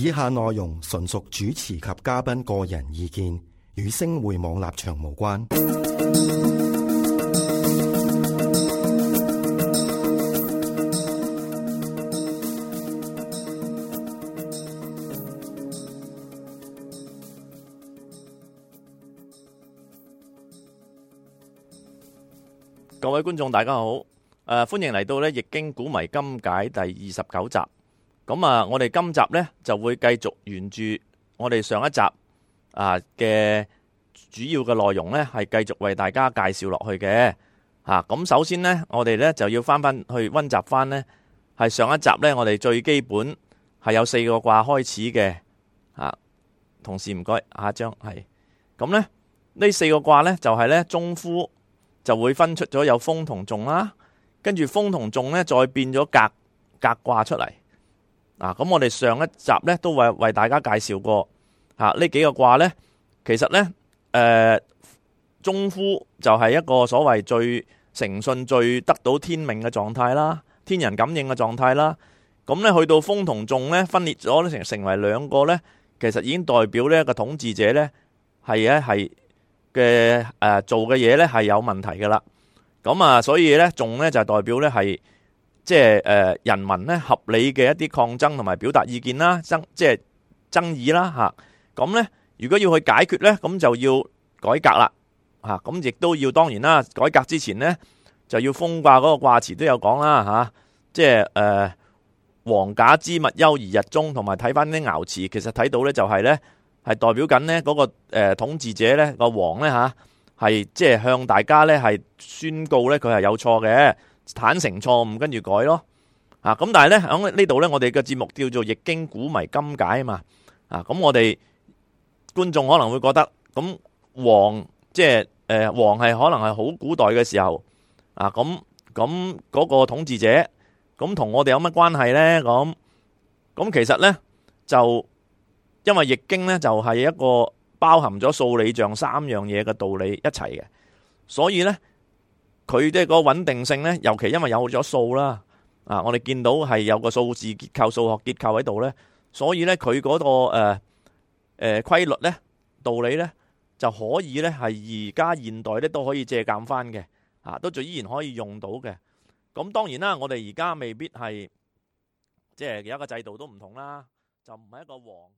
以下內容純屬主持及嘉賓個人意見，與星匯網立場無關。各位觀眾，大家好，誒歡迎嚟到呢《易經古謎今解》第二十九集。咁啊，我哋今集咧就會繼續沿住我哋上一集啊嘅主要嘅內容咧，係繼續為大家介紹落去嘅吓。咁、啊、首先咧，我哋咧就要翻翻去溫習翻咧，係上一集咧，我哋最基本係有四個卦開始嘅啊，同事唔該，下一張係咁咧，呢、啊、四個卦咧就係、是、咧中孚就會分出咗有豐同訟啦，跟住豐同訟咧再變咗革、革卦出嚟。啊，咁我哋上一集咧都為為大家介紹過，吓、啊、呢幾個卦咧，其實咧，誒、呃，中孚就係一個所謂最誠信、最得到天命嘅狀態啦，天人感應嘅狀態啦。咁、啊、咧去到豐同訟咧分裂咗，成成為兩個咧，其實已經代表呢個統治者咧係咧係嘅誒做嘅嘢咧係有問題噶啦。咁啊，所以咧訟咧就係、是、代表咧係。即係誒、呃、人民咧合理嘅一啲抗爭同埋表達意見啦，爭即係爭議啦嚇。咁、啊、咧，如果要去解決咧，咁就要改革啦嚇。咁亦都要當然啦，改革之前咧就要豐卦嗰個卦辭都有講啦嚇、啊。即係誒王假之物，優而日中，同埋睇返啲爻辭，其實睇到咧就係咧係代表緊咧嗰個誒、呃、統治者咧、嗰個王咧嚇，係、啊、即係向大家咧係宣告咧佢係有錯嘅。坦誠錯誤，跟住改咯。啊，咁但係咧喺呢度咧，我哋嘅節目叫做《易經古謎今解》啊嘛。啊，咁我哋觀眾可能會覺得，咁王即係誒王，係可能係好古代嘅時候啊。咁咁嗰個統治者，咁同我哋有乜關係咧？咁咁其實咧，就因為《易經》咧，就係一個包含咗數理象三樣嘢嘅道理一齊嘅，所以咧。佢即係個穩定性咧，尤其因為有咗數啦，啊，我哋見到係有個數字結構、數學結構喺度咧，所以咧佢嗰個誒誒規律咧、道理咧，就可以咧係而家現代咧都可以借鑑翻嘅，啊，都仲依然可以用到嘅。咁當然啦，我哋而家未必係即係有一個制度都唔同啦，就唔係一個王。